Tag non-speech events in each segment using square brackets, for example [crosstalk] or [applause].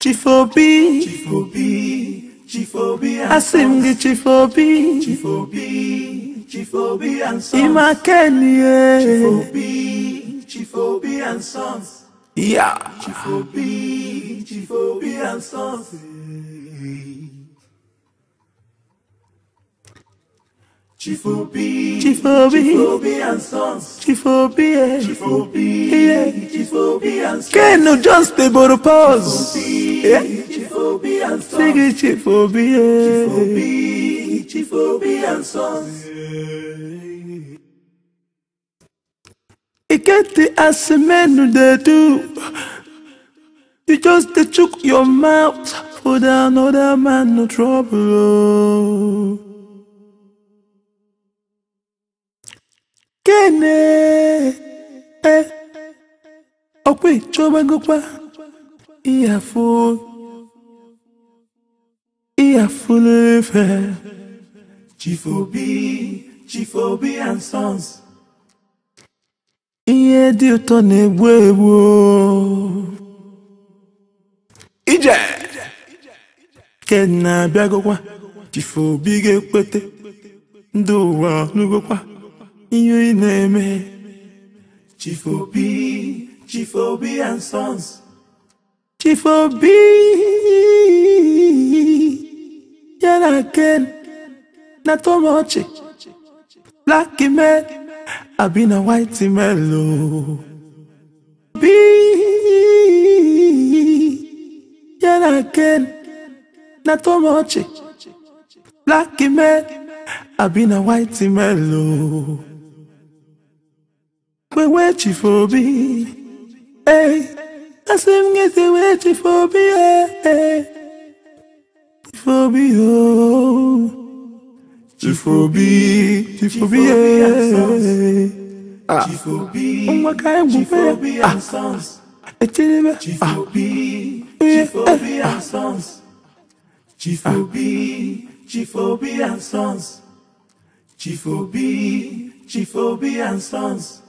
Tifobi, Tifobi, Tifobi, assim que Tifobi, Tifobi. Chief Obi and Sons. Imakeni. Chief Obi, and Sons. Yeah. Chief Obi, and Sons. Chifobi, Chifobi, Chifobi and sons. Chifobi, eh. Chifobi, yeah. Chifobi and sons. Can no just stay but a pause. Chifobi, yeah. Chifobi and sons. Sing it, Chifobi, eh. Chifobi, Chifobi and sons. Ikete as a man who they do. You just they chook your mouth for another man no trouble. Oh. Kene eh okwe chobagokwa iyafu iyafulefe Chief Obi Chief Obi and Sons ihe dị ụtọ na-egbu egbu ije kena abịagokwa Chief Obi ga-ekpete ndị ụwa kwa. ihe ị na-eme Chief Obi Chief Obi and Sons Chief Obi ya na Ken na Tomochi Black men abi na white men o oh. Obi ya na Ken na Tomochi Black men abi na white men o oh we wait you for me. Hey, I say get the wait you for me. Hey, for me, oh, you for me, for me, Ah, oh my God, you for me, ah, sons. I tell ah, for me, you for me, ah, sons. Chief Obi, and Sons. Chief Obi, Chief Obi and Sons.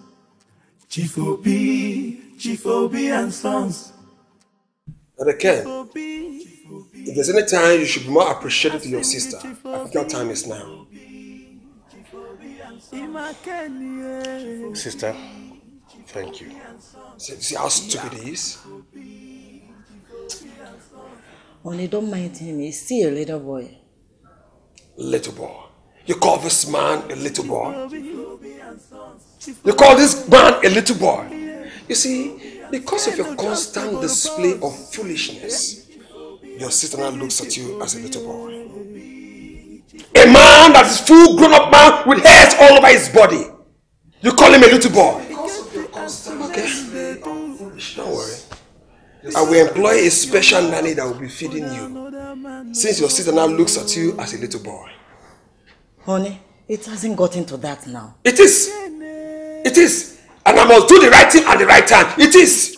Chief OB, Chief OB and Sons. And again, if there's any time you should be more appreciative to your sister, I think your time is now. Sister, thank you. See, see how stupid he is? Only don't mind him, he's still a little boy. Little boy. You call this man a little boy. You call this man a little boy. You see, because of your constant display of foolishness, your sister now looks at you as a little boy. A man that is full grown up man with hairs all over his body. You call him a little boy. Okay. Don't worry. I will employ a special nanny that will be feeding you. Since your sister now looks at you as a little boy. Honey, it hasn't gotten to that now. It is. It is. And I must do the right thing at the right time. It is.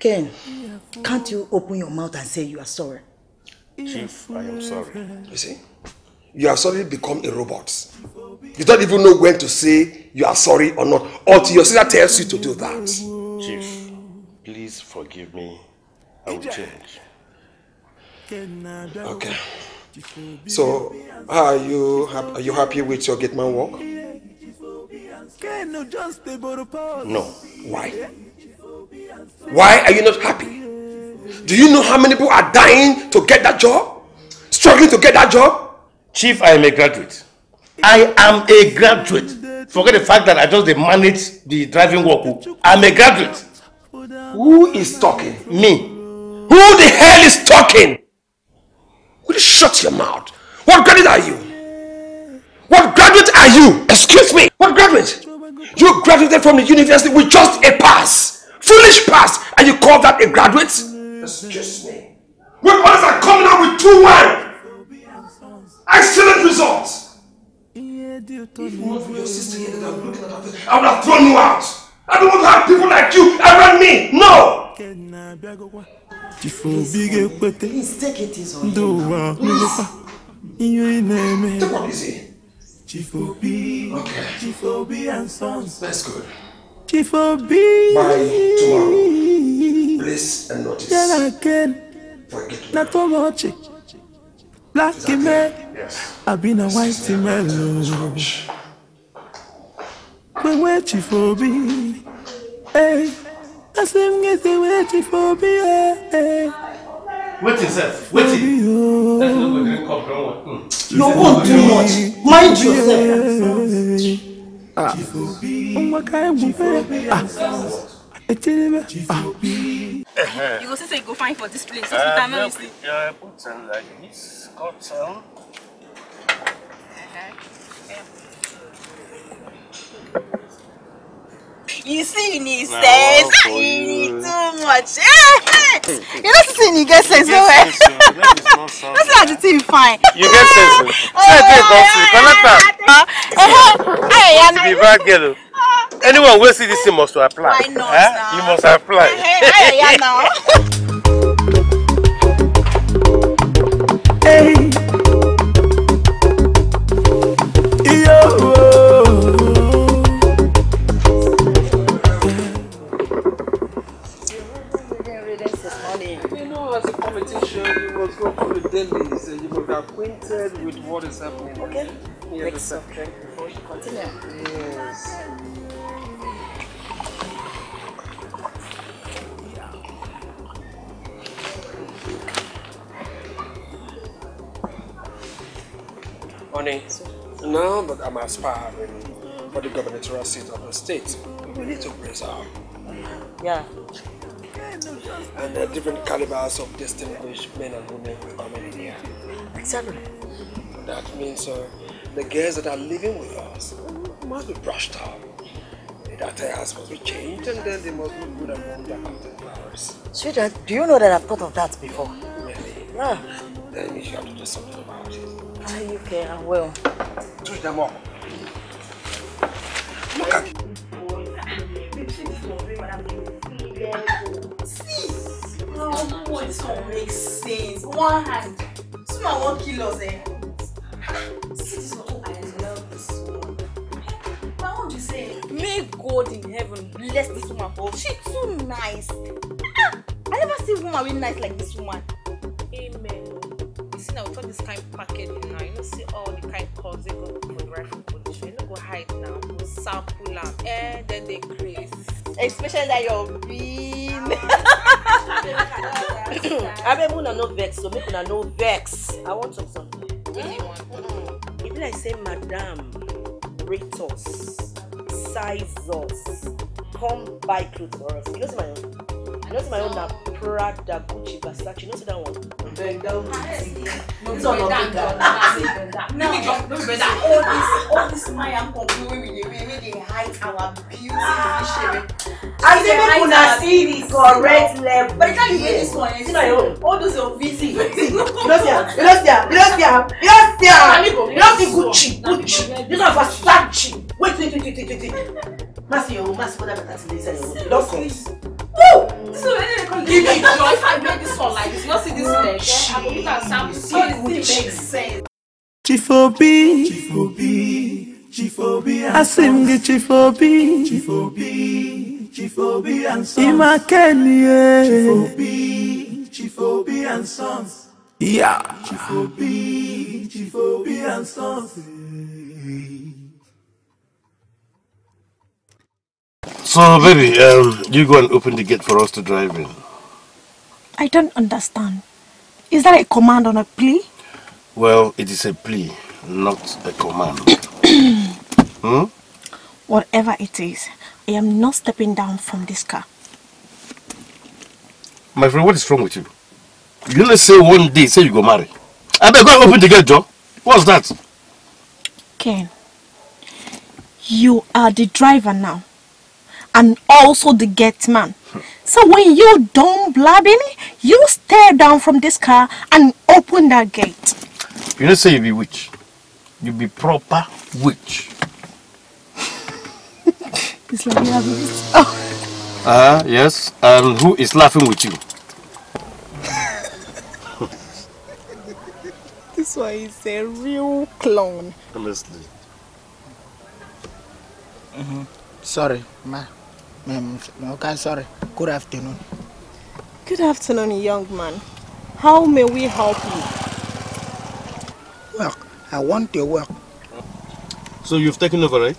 Ken, can't you open your mouth and say you are sorry? Chief, I am sorry. You see, you have suddenly become a robot. You don't even know when to say you are sorry or not until your sister tells you to do that. Chief, please forgive me. I will change. Okay. So, are you are you happy with your gate man work? No. Why? Why are you not happy? Do you know how many people are dying to get that job? Struggling to get that job? Chief, I am a graduate. I am a graduate. Forget the fact that I just manage the driving work. Oh. I'm a graduate. Who is talking? Me. Who the hell is talking? Will you shut your mouth? What graduate are you? What graduate are you? Excuse me. What graduate? You graduated from the university with just a pass. Foolish pass. And you call that a graduate? Excuse me. What others are coming out with 2-1. Excellent results. If not for your sister here that I'm looking at her face, I would have thrown you out. I don't want to have people like you around me. No! faut big it ndowa on inywe ineme chifo b chifo b and sons that's good chifo b by tomorrow Place and notice black yes. I've ah, been a white man where chifo b hey Asim get waiting for me. Waiting, sir. Waiting. That's not going to come from hmm. You want too much. Mind yourself. Ah, Ah, ẹ tẹ́lẹ̀ bẹ́ẹ̀. Ah. You go say you go find for this place. Ah, uh, Yeah, put on uh, like this, cut on. You see, he says, you need too much. [laughs] you don't see you get sense, no way. That's not the thing, fine. You get sense. So oh, I think that's it. Connect that. Hey, I'm. Uh-huh. Be back, girl. Oh. Uh, Anyone will see this, you must apply. Why not? Eh? You must apply. Hey, hey, yeah, now. [laughs] i aspiring for the gubernatorial seat of the state. We need to preserve. Yeah. And the different calibers of distinguished men and women will come in here. Exactly. That means uh, the girls that are living with us must be brushed up. That has must be changed and then they must look good among their flowers. Sweetheart, do you know that I've thought of that before? Really? Yeah. Then you have to do something about it. Are ah, you okay? I will. Touch them up. Look at See, no, boy, this one oh, makes sense. One hand. Small one us, eh? See this one. Oh, I love this one. Why won't you say? May God in heaven bless this woman for she's too nice. Ah, I never see woman really nice like this woman. Amen. You see now we got this kind of package now. You don't see all the kind songs they go choreography position you no go hide now go sample am eh then dey craze. especially that you're your I [laughs] abeg una no vex so make una no vex i want some. something. Mm-hmm. e be like say madam rate us size us come buy clothes for us you know say my own you know say my own prada gucci versace you know say that one bend ah, down no be bend down no be bend down no be bend down all this all this mayam complain wey we dey wear wey dey hide our beauty and ah. shame as dey make una see the correct level by the time you wear this one you see na your own all those your vc [laughs] you no see am you no see am you no see am you no see am you no see gucci gucci this one for starchy wait wait wait wait wait wait ma see your own ma see whether better thing dey inside your own you don come. Woo! This is B, they call Give me I wear this one like this, you not see this leg. I will look at Sam. See, it and sons. Imakeni. Chifobi. Chifobi and sons. and sons. So, baby, um, you go and open the gate for us to drive in. I don't understand. Is that a command or a plea? Well, it is a plea, not a command. [clears throat] hmm? Whatever it is, I am not stepping down from this car. My friend, what is wrong with you? You only say one day, say you go marry. I better go open the gate, Joe. What's that? Ken, you are the driver now and also the gate man. So when you don't blabbing, you stare down from this car and open that gate. You don't say you be witch. You be proper witch. [laughs] it's like you have a Oh. Ah, uh, yes. And who is laughing with you? [laughs] this one is a real clone. Honestly. Mm -hmm. Sorry, ma. Mm, okay, sorry. Good afternoon. Good afternoon, young man. How may we help you? Work. I want your work. So you've taken over, right?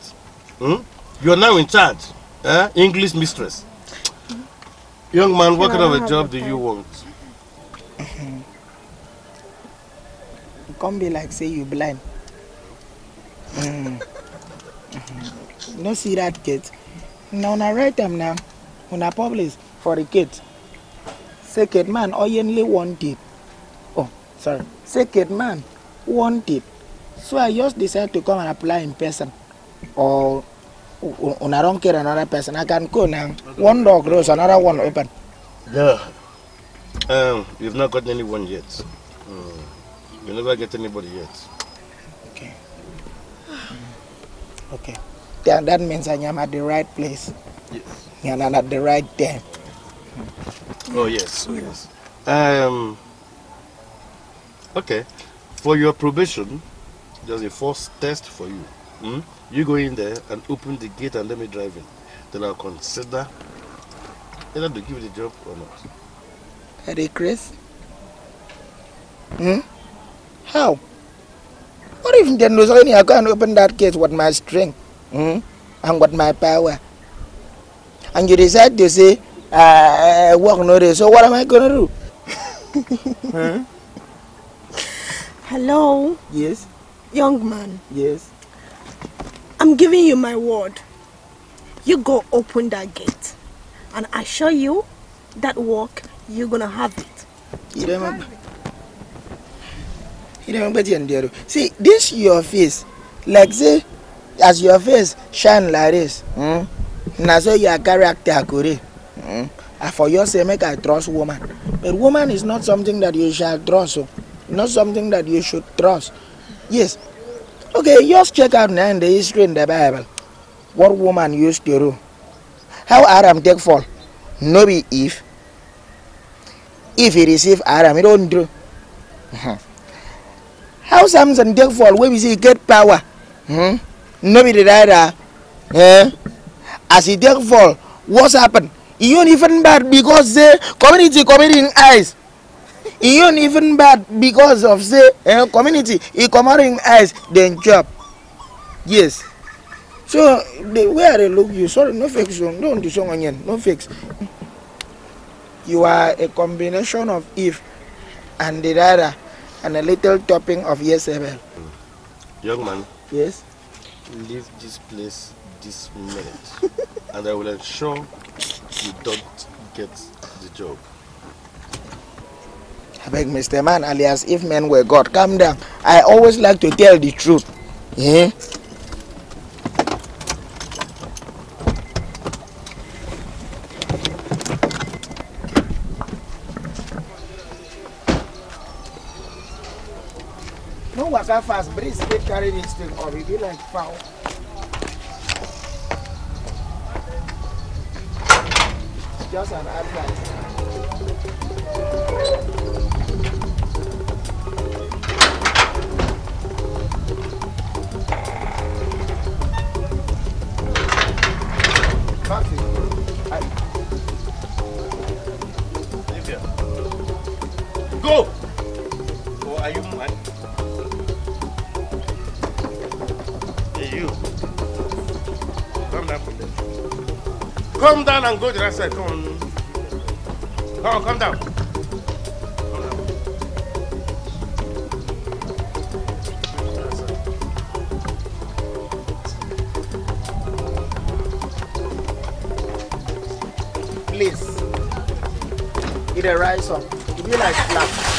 Hmm? You're now in charge. Eh? English mistress. Young man, what kind of a job do you want? Mm-hmm. Come be like say you blind. Mm. no see that kid. Now I write them now. When I publish for the kids. Second man only one deep. Oh, sorry. Second man, one deep. So I just decided to come and apply in person. Or when I don't care another person, I can go now. One door close, another one open. Yeah. Um, you've not got anyone yet. Mm. you never get anybody yet. Okay. [sighs] Okay then that means I am at the right place. Yes. And I'm at the right time. Hmm. Oh yes, oh, yes. Um okay. For your probation, there's a first test for you. Hmm? You go in there and open the gate and let me drive in. Then I'll consider either to give you the job or not. Are they Hmm? How? What if they knows only I can't open that gate with my strength? mm, and what my power. And you decide to say, I ah, eh, work no day, so what am I going to do? [laughs] huh? Hello? Yes? Young man. Yes? I'm giving you my word. You go open that gate. And I assure you, that work, you're going to have it. You don't remember? You don't remember See, this your face. Like, say, as your face shine like this hmm? na so your character go dey hmm? and for your sake make i trust woman but woman is not something that you shall trust oh. not something that you should trust yes okay just check out now in the history in the bible what woman used to do. how adam take fall no be if if he receive adam he don't do [laughs] how samson take fall Where be say he get power. Hmm? no be the uh, Eh? As he take fall, what's happened? He ain't even bad because the community coming in eyes. He ain't even bad because of the eh, community. He come in eyes then job. Yes. So the way they look you, sorry, no fix you. Don't do song again. No fix. You are a combination of if and the rider and a little topping of yes, Abel. Young man. Yes leave this place this minute [laughs] and I will ensure you don't get the job. I beg Mr. Man alias if men were God, calm down. I always like to tell the truth. Yeah? No waka fast, breeze fit carry this thing Or It be like foul. Just an outline. Go! Come down and go to that side. Come on. Come on, come down. Please, it rise up. It be like flat.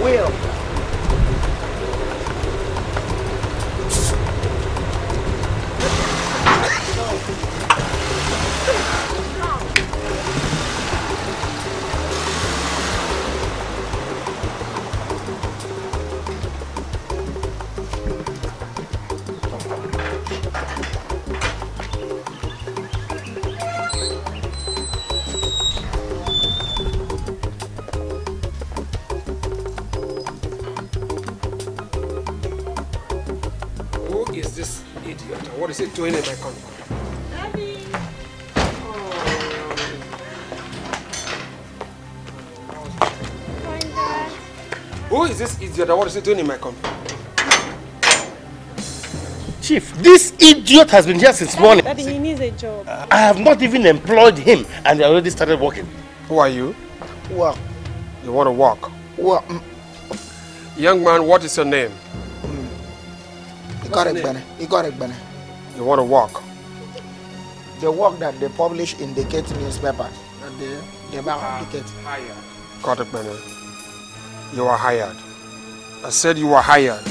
will. that what is he doing in my company? Chief, this idiot has been here since Daddy, morning. Daddy, he needs a job. I have not even employed him and he already started working. Who are you? Well, you want to work? Well, young man, what is your name? Igoregbene. Hmm. Igoregbene. You want to work? The work that they publish in the Kate newspaper. That they, they mark ah, the Kate. Hired. Igoregbene. You are hired. I said you were hired.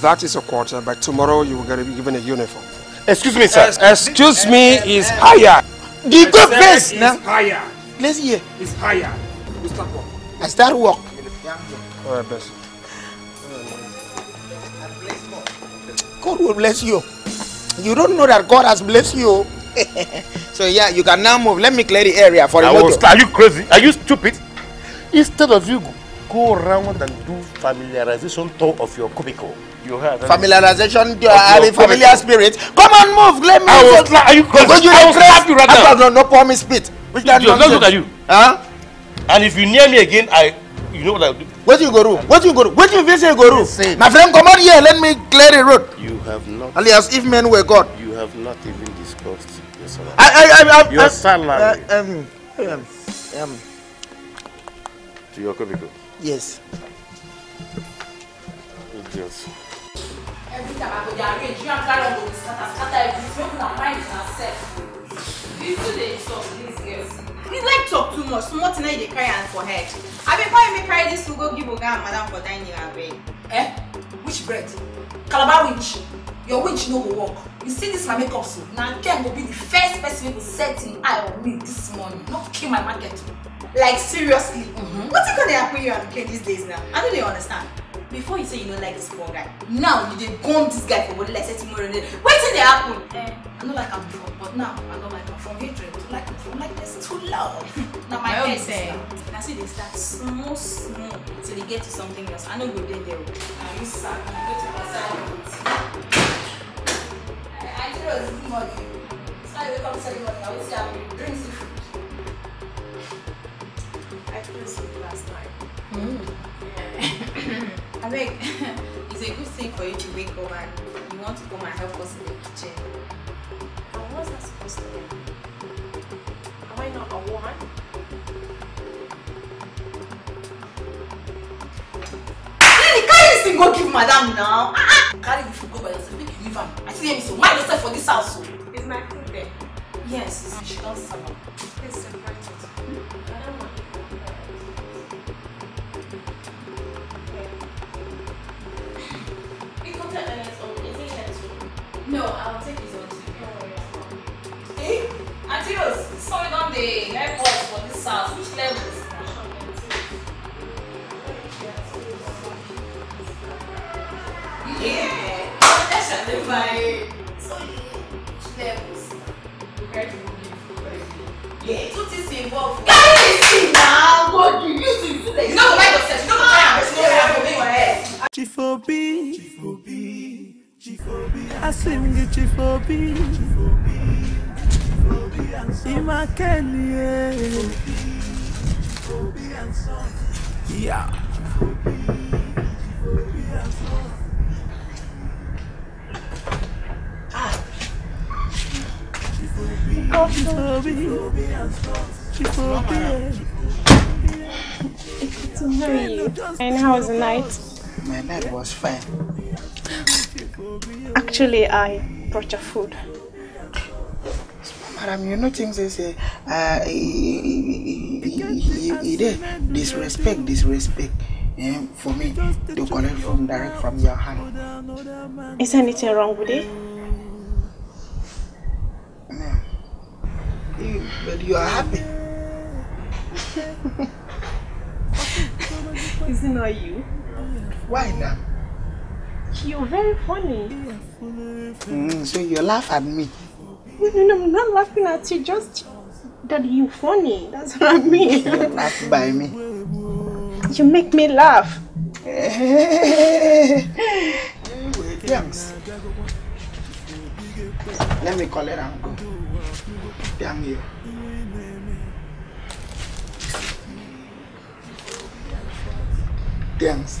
That is a quarter. By tomorrow, you will be given a uniform. Excuse me, sir. Excuse me is hired. The good place now. hired. Let's hear. Is hired. You start work. I start work. All right, best. God will bless you. You don't know that God has blessed you. [laughs] so yeah, you can now move. Let me clear the area for you. Are you crazy? Are you stupid? Instead of you go around and do familiarization tour of your cubicle. You heard familiarization. You are familiar cubicle. spirit. Come on, move. Let me. I will slap you. Because you I will slap you right ah, now. No, no, pour me spit. Which that nonsense. not look at you. Huh? And if you near me again, I, you know what I will do. What you go do? What you go do? you feel go do? My friend, come out here. Let me clear the road. You have not. Alias, if men were God. You have not even discussed your salary. I, I, I, I, your salary. Uh, um, um, um. To your cubicle. Yes. Idiot. Every time I go there, you and carry on go scatter, scatter everything. Make una mind una self. You too dey talk these girls. You like talk too much, small thing na cry and carry am for head. Abi before you make carry this food go give Oga and Madam for dining and bread. Eh? Which bread? Calabar witch. Your witch no go work. You see this my makeup suit. Now Ken will be the first person wey set him eye on me this morning. Not kill my market. Like seriously. Mm-hmm. What's it gonna happen you and Ken these days now? I don't even understand. Before you say you don't like this poor guy, now you did gum this guy for what like say tomorrow and then wait till they happen. Eh, I don't like him before, but now I don't like him from hatred to like him from likeness to love. [laughs] now my head say I see they start small small till they get to something else. I know we're there there. I'm sad. I'm going to pass out. I, I just morning. So I wake up Saturday morning, I will see how say I'm drinking. Hmm. I sleep last night. Mm. Yeah. I mean, it's a good thing for you to wake up and you want to come and help us in the kitchen. And what's that supposed to mean? Am I not a woman? go give madam now. Ah, ah. Carry you should go by yourself. Make you leave her. I see them so mind yourself for this house. Oh. Is my food there? Yes, she don't serve. house? Which levels? Yeah, that's a divide. So which levels? Yeah, two things involved. Can you see now? What do you do? You know, like yourself. You know, I'm going to have to be my head. Chief Obi. Chief Obi. Chief I sing you, Chief Obi. Chief Obi. Shima Kenny. Eh. Yeah. To hear you. And how was the night? My night was fine. Actually, I brought your food. Madam, you nothing say say uh, he there disrespect, disrespect. Yeah, for me to collect from direct from your hand. Is anything wrong with it? No. You, but you are happy. Is [laughs] it not you? Why now? You're very funny. Mm, so you laugh at me. No, [laughs] no, no, I'm not laughing at you. Just that you funny. That's what I mean. You're by me. You make me laugh. [laughs] Let me call it and go. Damn you. James.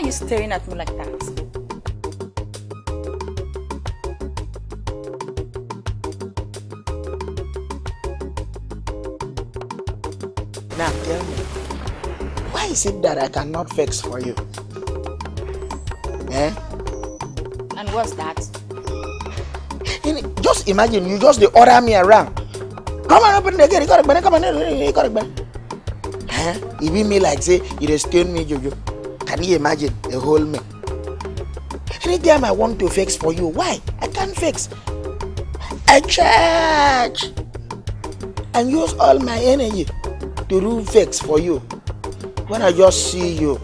Why are you staring at me like that? Now tell me, why is it that I cannot fix for you? Eh? And what's that? just imagine, you just order me around. Come on, open the gate, you gotta come on, you man. Eh? It be me like say, you just stone me, you. Can you imagine a whole me. Any time I want to fix for you, why? I can't fix? I charge and use all my energy to do fix for you. When I just see you,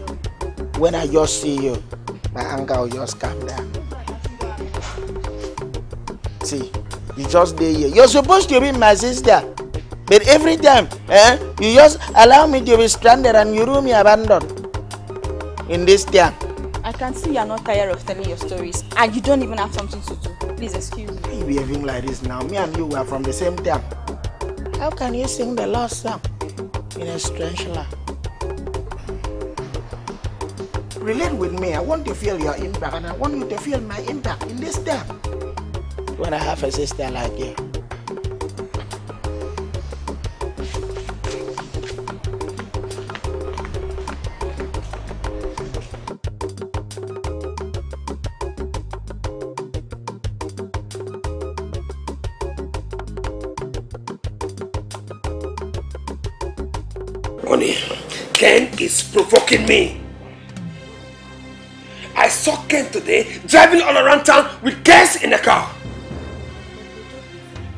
when I just see you, my anger will just calm down. See, you just there here. You're supposed to be my sister. But every time, eh, you just allow me to be stranded and you ruin me abandoned. in this town. I can see you are not tired of telling your stories and you don't even have something to do. Please excuse me. Why you behaving like this now? Me and you were from the same town. How can you sing the last song in a strange land? Relate with me. I want to feel your impact and I want you to feel my impact in this town. When I have a sister like you. me. I saw Ken today driving all around town with girls in the car.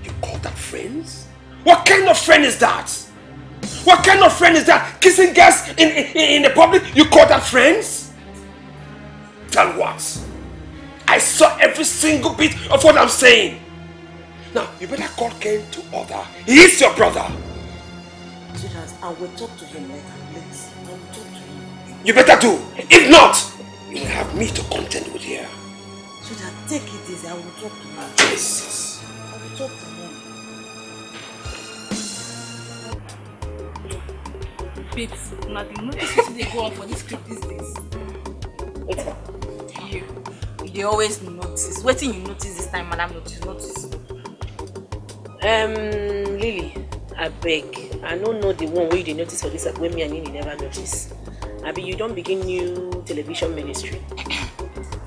You call that friends? What kind of friend is that? What kind of friend is that? Kissing girls in, in, in the public? You call that friends? Tell what? I saw every single bit of what I'm saying. Now, you better call Ken to order. He is your brother. Judas, I will talk to him later. You better do. If not, you will have me to contend with here. So that take it easy. I will talk to her. Jesus. I will talk to her. Babes, una dey notice wetin go on for this script these days. You, you dey always notice. Wetin you notice this time, madam notice notice. Um, Lily, I beg. I don't know the one where you notice for this. app wey me and Nini never notice abi you don begin new television ministry.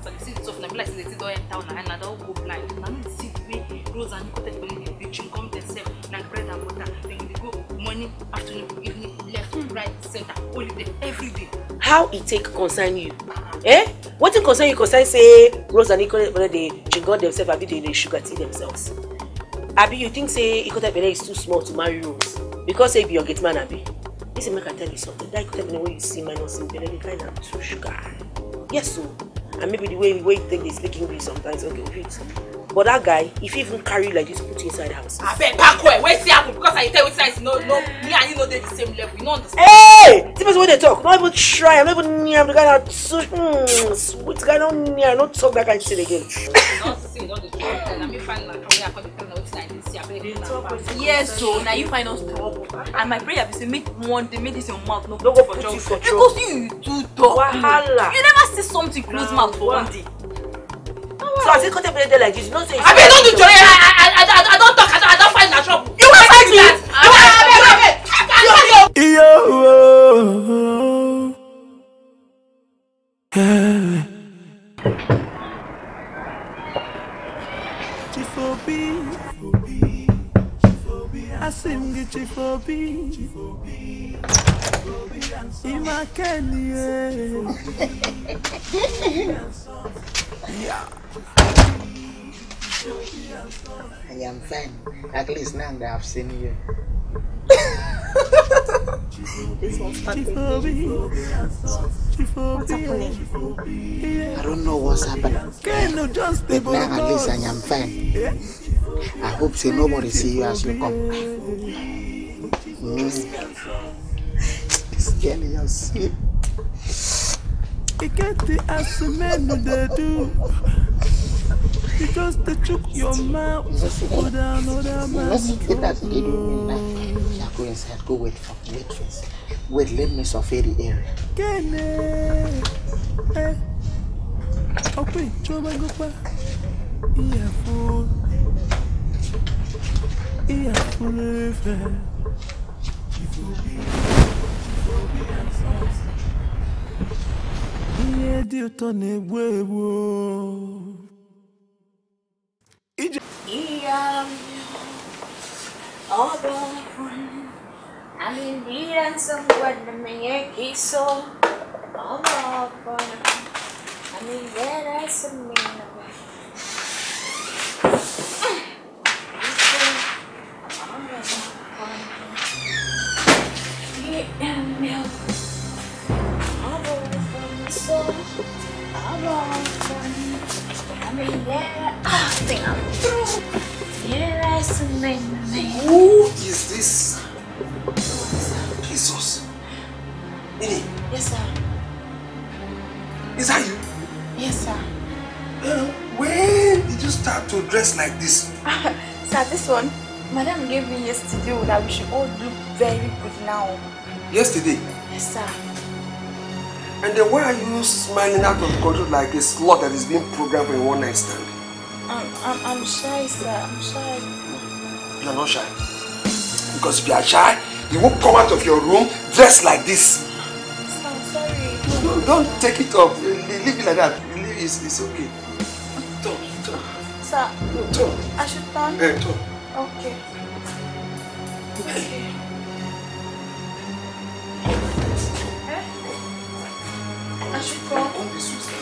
but you see the two of be like say the thing don enter una and na don go blind na me see the way rose and nikko take money dey preaching come themself na bread and butter dem dey go morning afternoon evening left right center holiday every day. how e take concern you. Eh? wetin concern you concern say rose and ikotepele dey jingle themselves abi dey dey sugar tea themselves abi you think say ikotepele is too small to marry rose because say e be your gate man abi Listen, make I tell you something. That the way you see minus in belly, any kind of too guy. Yes, so. And maybe the way the way you think they speak English sometimes, okay, with it. But that guy, if he even carry like this, put inside the house. I bet back where where see happen because I tell you guys no no me and you know they the same level. You know understand? Hey! depends person when they talk, not even try, I'm not even near the guy that so mm, sweet guy not near, not talk that guy shit again. Not see, not the truth. Let me find my yes so na you find us talk and my prayer be say make one day make this your mouth no go for chop because you too talk wahala you never see something close mouth for one day so as you there like this you know say. abi no do jolly i i i Chifobi Imakenie Yeah I am fine. At least now that I've seen you. What's happening? I don't know what's happening. but now at least I am fine. I hope say nobody see you as you come. This girl you see. You get the ass men they do. Because they took your mouth. Go down, go down, man. Let's see that Go inside, go wait for wait first. Wait, let me survey the area. Kenny. Eh. Okay, Choba Gopa. Yeah, fool. Yeah, fool. I ihe dị ụtọ na-egbu egbu ije I'm buwan na may kiso All over Alindira sa mga Relaxing I'm through. Who is this? Who is that? Yes, sir. Is that you? Yes, sir. Uh, when did you start to dress like this? Ah, sir, this one, Madam gave me yesterday that we should all look very good now. Yesterday? Yes, sir. And then why are you smiling out of control like a slot that is being programmed for a one night stand? I'm, I'm, I'm shy, sir. I'm shy. You're not shy. Because if you are shy, you won't come out of your room dressed like this. I'm sorry. No, don't take it off. Leave it like that. Leave it. It's, it's okay. Sir. No, I should turn? Yeah, Okay. okay. Franchement, on est sous ça.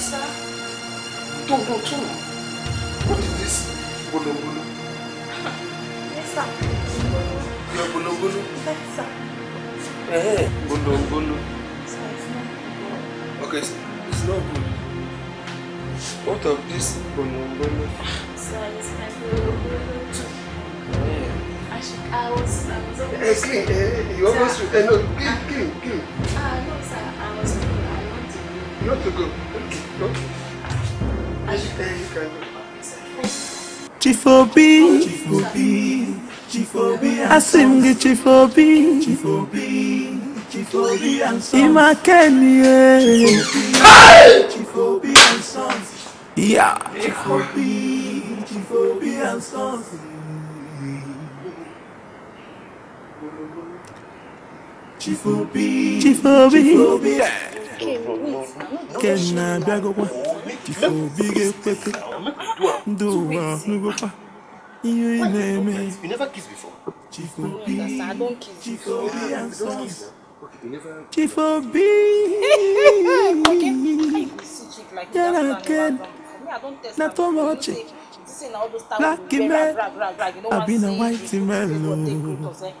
Ça What is this? Bolo bolo. Yes, sir. Bolo bolo bolo. Yes, sir. Eh, bolo bolo. Sir, it's not good. Okay, it's not good. What of this bolo bolo? Sir, it's not bolo bolo. Yeah. I was, I was always. you almost. Sir. Eh, no, clean, clean, clean. uh, no, sir. I was clean. I want to go. You want to go? Okay, go. I should tell eh, you, can Chifobi, Chifobi, Chifobi, Asimgi Chifobi, Chifobi, Chifobi and Sons. Ima Kenye, Chifobi and Sons. Yeah. Chifobi, Chifobi and Sons. Chief Obi. Chief Obi. Chief Obi. Kenna Biagokwa. Chief Obi Gekwepe. Ndowa Nugokwa. You never kiss before. Chief I don't kiss. Chief Obi and sons. Chief Obi. Okay. Like that, na too much. Black man. I've been a white man.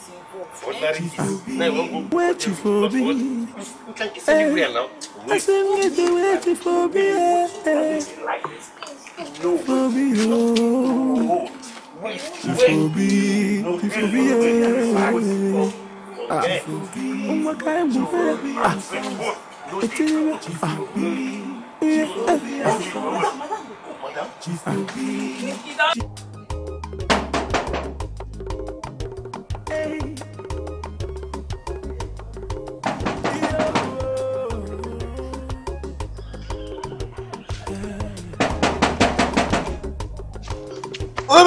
Waiting for me. I said, waiting for me. For me, oh. for me, for me, oh. Ah, oh my God, I'm ah.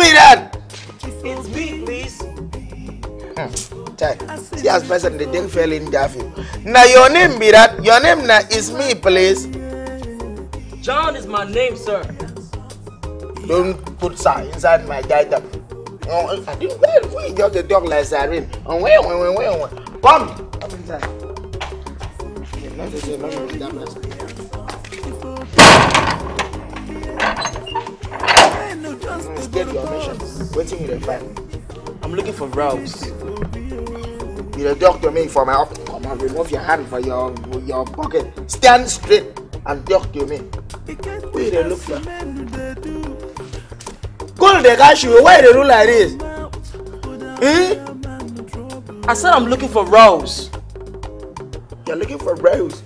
me that. It's me, please. Chai, see as person the thing fell in Gaffey. Now your name be that. Your name now is me, please. John is my name, sir. Don't put sir inside my diagram. Oh, I didn't well, we just a dog like siren. Oh, where, where, where, where? wait. Come! Come inside. Yeah, not the same, not the same. Let's get your mention. Waiting in you find. I'm looking for Ralphs. You the doctor me for my office. Come on, remove your hand from your your pocket. Stand straight and to me. Where they look for? Go to the guy shoe. Why they look like this? Eh? I said I'm looking for Ralphs. You're looking for Ralphs.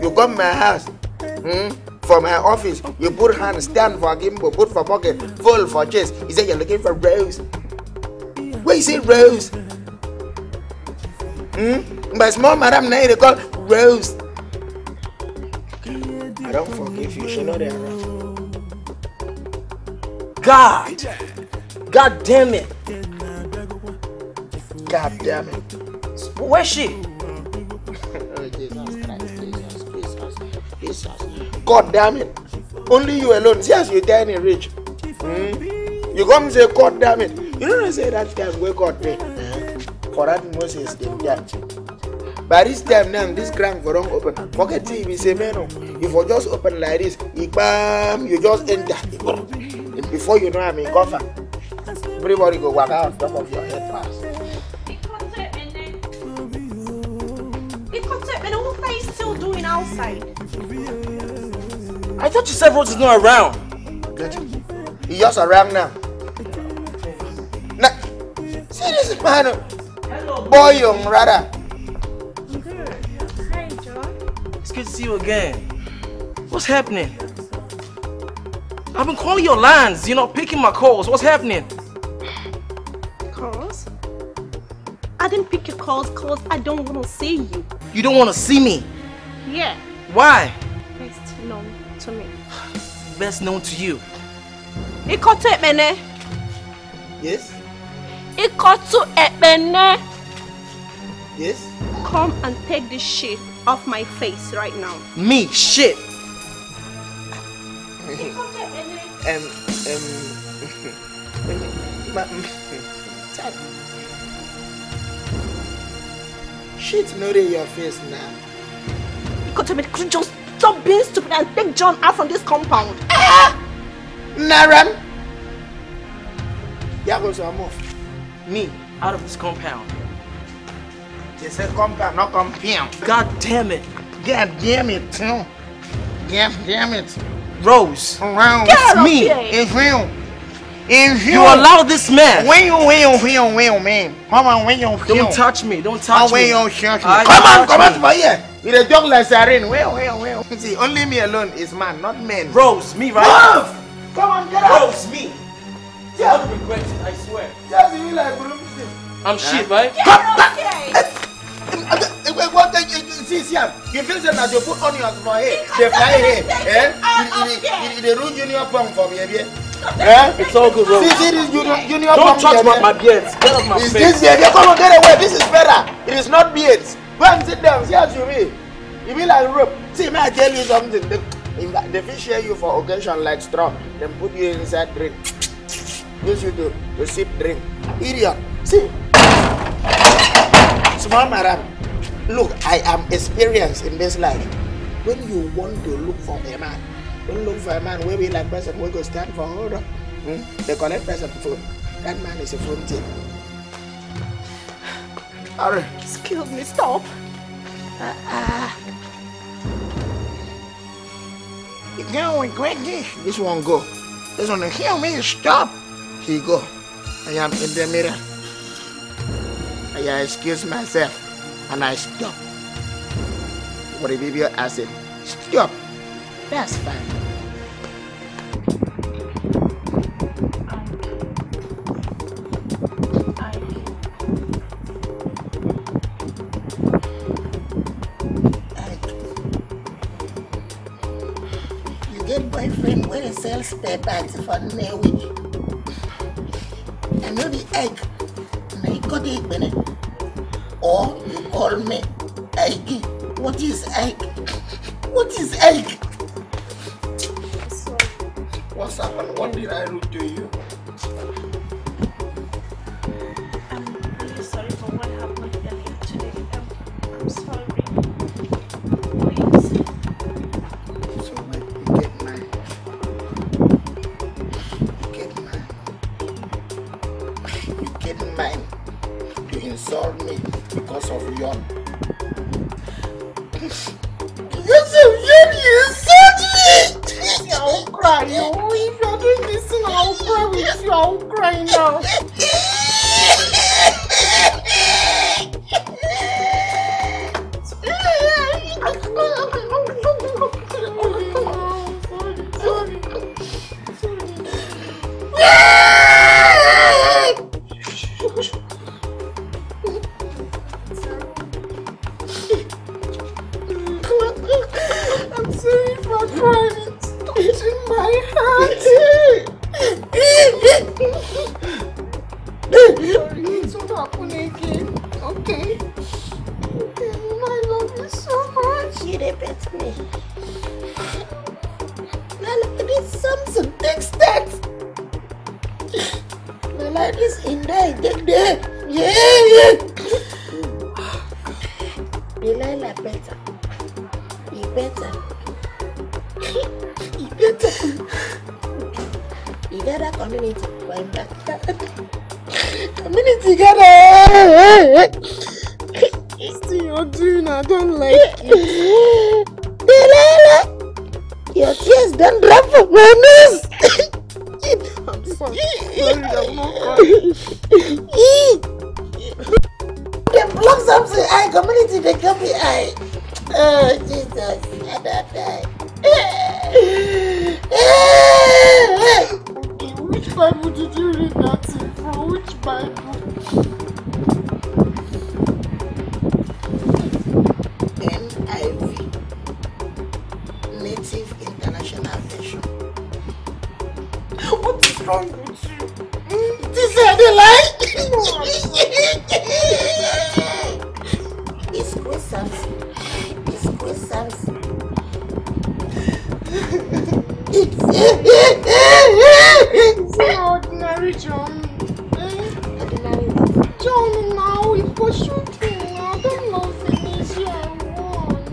You got my house. Hmm? from her office. You put hand stand for Gimbo, put for pocket, full for chest. He said you're looking for Rose. Where is it Rose? Hmm? But small madam now they call Rose. I don't forgive you, she know that. God! God damn it! God damn it. Where's she? [laughs] Oh, Jesus Christ, Jesus, Jesus, god damn it only you alone see as you tiny rich mm? you come say god damn it you no know say that time wey god dey hmm? for that moses dem jam by this time now this crank for don open forget TV. e say menu If oh, for just open like this you e kpam you just enter before you know am e cover everybody go waka on top of your head pass. Because I don't know what are you still doing outside? I thought you said Rose is not around. He just around now. now see this man. Oh. Hello, boy, young rather. Hi, John. It's good to see you again. What's happening? I've been calling your lines, you are not picking my calls. What's happening? Calls? I didn't pick your calls because I don't want to see you. You don't want to see me? Yeah. Why? Best known to me? Best known to you. Ikotu Ekpene. Yes? Ikotu Ekpene. Yes? Come and take this shit off my face right now. Me? Shit? um, um... [laughs] [laughs] Shit, not in your face now. Ikotu Ekpene, could just Stop being stupid and take John out from this compound. Ah! Naram! There goes your move. Me, out of this compound. They said compound, not compound. God damn it. God damn it, too. God damn it. Rose. around Get out me. Of here. It's real. If you, you allow this man, when you when you when you when you man, come on when you don't touch me, don't touch me. When you touch me, come on, come on for here. With a dog like siren, well, well, well. See, only me alone is man, not men. Rose, me right? Rose, come on, get up. Rose, me. Just regret it, I swear. Just you like broomstick. I'm shit, right? Come, okay. Eh, eh, eh, what the, see, see, ah. you feel say that you put onions for head, they fry here, eh? They ruin junior pump for me, eh? Eh? It's all good, bro. See, see this junior, Don't touch my, my beards. Get off my is face. Is this beard? Yeah, come on, get away. This is better. It is not beards. Go and sit down. See as you be. You be like rope. See, may I tell you something? They, they fish share you for occasion like straw. Then put you inside drink. Use you to, to sip drink. Idiot. See? Small madam. Look, I am experienced in this life. When you want to look for a man, Don't look for a man where be like person we go stand for hold on. Hmm? They collect person phone. That man is a phone thief. Hurry. Excuse me, stop. Uh, uh. He's going quickly. This one go. This one hear me, stop. He go. I am in the mirror. I excuse myself and I stop. What a video acid. Stop. That's fun. boyfriend where sells spare parts for near week. I know the egg. I god, egg, Bennett. Or you call me egg. What is egg? What is egg? What's happened? What did I do to you? gather community for [laughs] community gather. Still, you're doing. I don't like it. Your tears don't drop from my nose. I'm [laughs] sorry. They block something. I community. They copy I. Oh Jesus! I don't die. [laughs] Bible did you read that in? From which Bible? What is wrong with you? Mm, this the lie. it's croissants. It's croissants. it's. [laughs] an ordinary John. Eh? Ordinary John now for shooting. I don't know if it is you I want.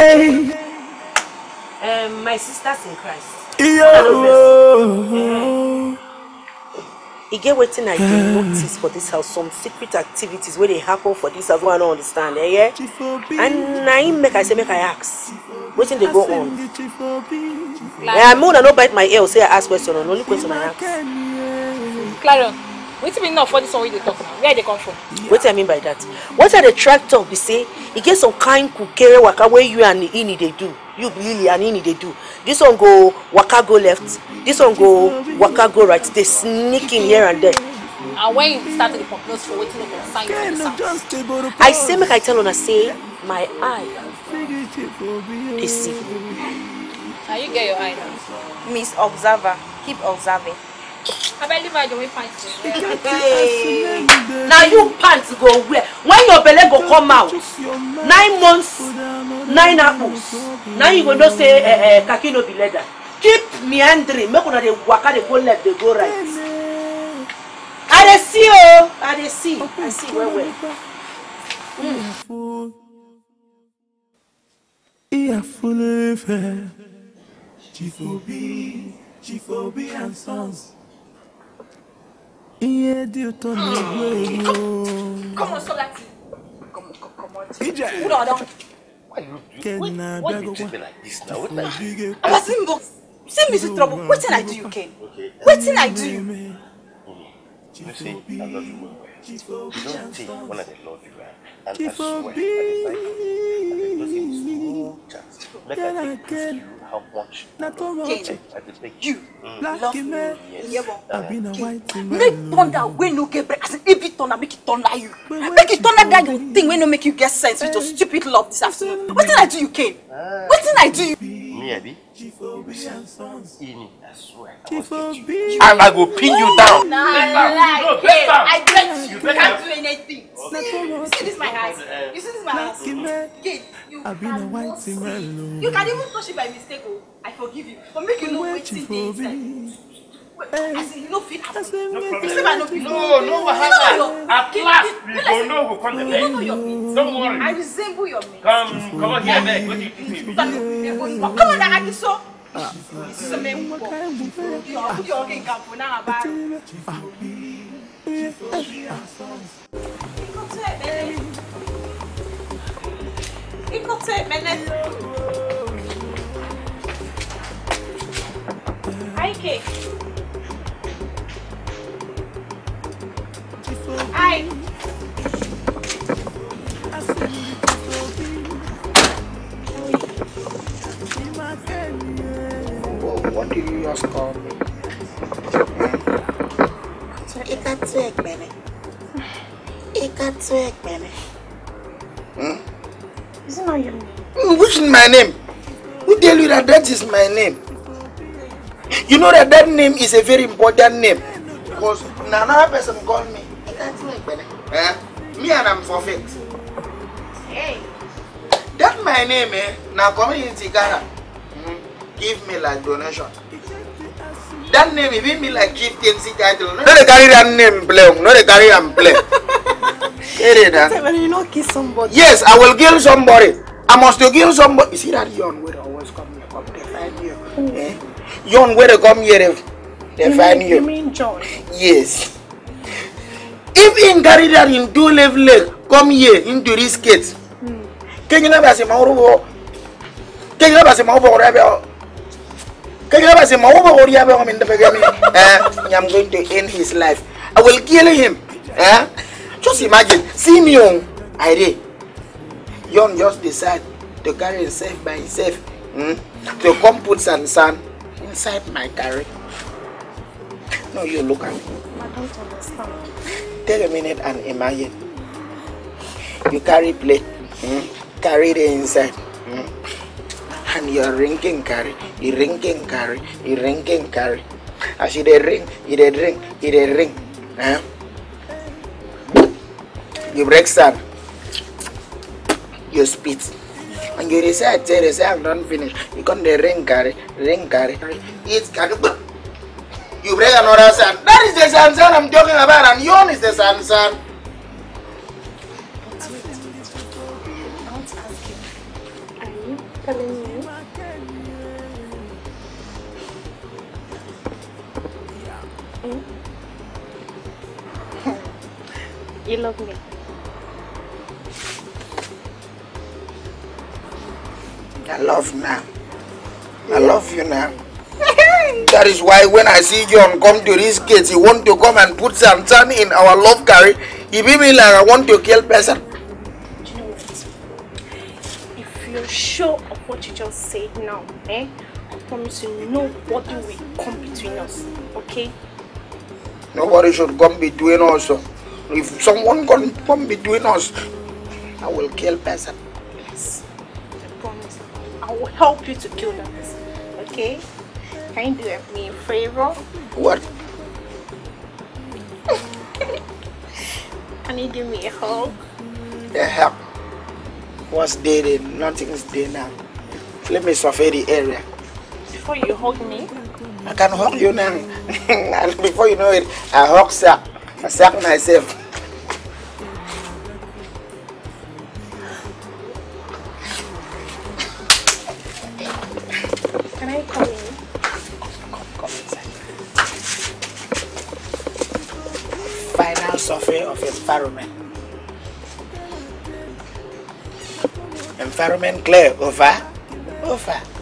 Eh? um, my sisters in Christ. Yeah. e get wetin i dey notice for dis house some secret activities wey dey happen for dis house wey i no understand eh yeah? and na im make i say make i ask wetin dey go on like, i mean una no bite my ear say i ask question na only question i ask. clarion wetin mean now for dis one wey you dey talk now where i dey come from. wetin i mean by that wetin i dey try talk be say e get some kind kukere waka wey you and im dey do you really and him they do this one go waka go left this one go waka go right They sneak in here and there. and when you start to dey for waiting no concern you the house. i say make i tell on una say my eye dey see. na you get your eye now. miss observer keep observing. abeg leave you pants go where? when your belly go come out nine months nine apples na you go know say eh, eh, eh kaki no be leather keep meandering make una dey waka dey go left dey go right i see oh, i see i see well well. Mm. Iyafulefe, Chifobi, Chifobi and Sons. Iye di uto ni gwe yo. Come on, stop that. Come on, come on. EJ. on, down. Why you do? Why, why you treat this now? What you? Abasimbo, me to trouble. What can I do you, Ken? Okay. What um, can I um, do um, you? You see, I love you well. You don't take one of the Lord you are. And I swear, I like you. And there's nothing small chance. Let I take this you. I want you. Not too much. I just you. Mm. Lucky man. Yes. I've been a white man. Make thunder when no get break. said, if it thunder, make it thunder you. Make it thunder that you think when no make you get sense with your eh. stupid love this afternoon. What did I do you, Kane? Eh. What did I do you? me, Abby? If Ini, I swear. I, I will pin you down. No, no, better. I bet you You can't do anything. You see this my house? Uh, you see this my house? Okay, you I've been a white oh. You can even touch it by mistake. Oh, I forgive you. But make you know waiting days. I see you no fit No problem. You see my no be No, no At last, we go know who come the next. Don't worry. I resemble your mate. Come, come on here, man. What do you think? Come on, I so. Ikọ̀ tẹ́ ẹ̀mẹ́lẹ́. Àìkè. Ai. What do you just call me? Ika tu ekpere. Ika tu ekpere. Hmm? Is name? Which is my name? Who tell you that that is my name? You know that that name is a very important name. Because another person called me Eh? Me and I'm for fix. Hey. That my name, eh? Now community Ghana. mm Give me like donation. That name give me like gift and see title. No, they carry that name, play. No, they carry and play. [laughs] Carry that. When you not kill somebody. Yes, I will kill somebody. I must to kill somebody. You see that yon where always come here, come they find you. Mm. Eh? Yon where come here, they, they you find mean, you. You mean John? Yes if him carry that him two left leg come here into this gate kenyina bɛ ase ma woro wɔ kenyina bɛ ase ma wobɔ wɔrɔ bɛ wɔ kenyina bɛ ase ma wobɔ wɔrɔ bɛ wɔ min dafa gami ɛɛ I'm going to end his life I will kill him ɛɛ eh? just imagine see me on I dey young just decide to carry himself by himself hmm? to come put sand sand inside my carry. no you look at me. I don't understand take a minute and imagine you carry plate mm, carry it inside mm, and you're drinking curry. you drinking curry. you drinking curry. as you dey ring you dey ring you dey ring eh? you break some. you spit and you decide say i say i'm don finish you come dey ring curry, ring curry, eat curry. You break another sun. That is the sun sun I'm talking about, and yon is the sun sun. [laughs] you love me. I love now. I love you now. That is why when I see John come to this gate, he want to come and put some time in our love carry. He be me like I want to kill person. Do you know what? If you're sure of what you just said now, eh? I promise you nobody will come between us, okay? Nobody should come between us. If someone can come between us, I will kill person. Yes, I promise. I will help you to kill them. okay? Can you do me a favor? What? [laughs] Can you give me a hug? A hug? What's there then? Nothing's there now. Let me survey the area. Before you hug me? I can hug you now. and [laughs] before you know it, I hug Sack. I suck myself. environment. Environment clear, over, over.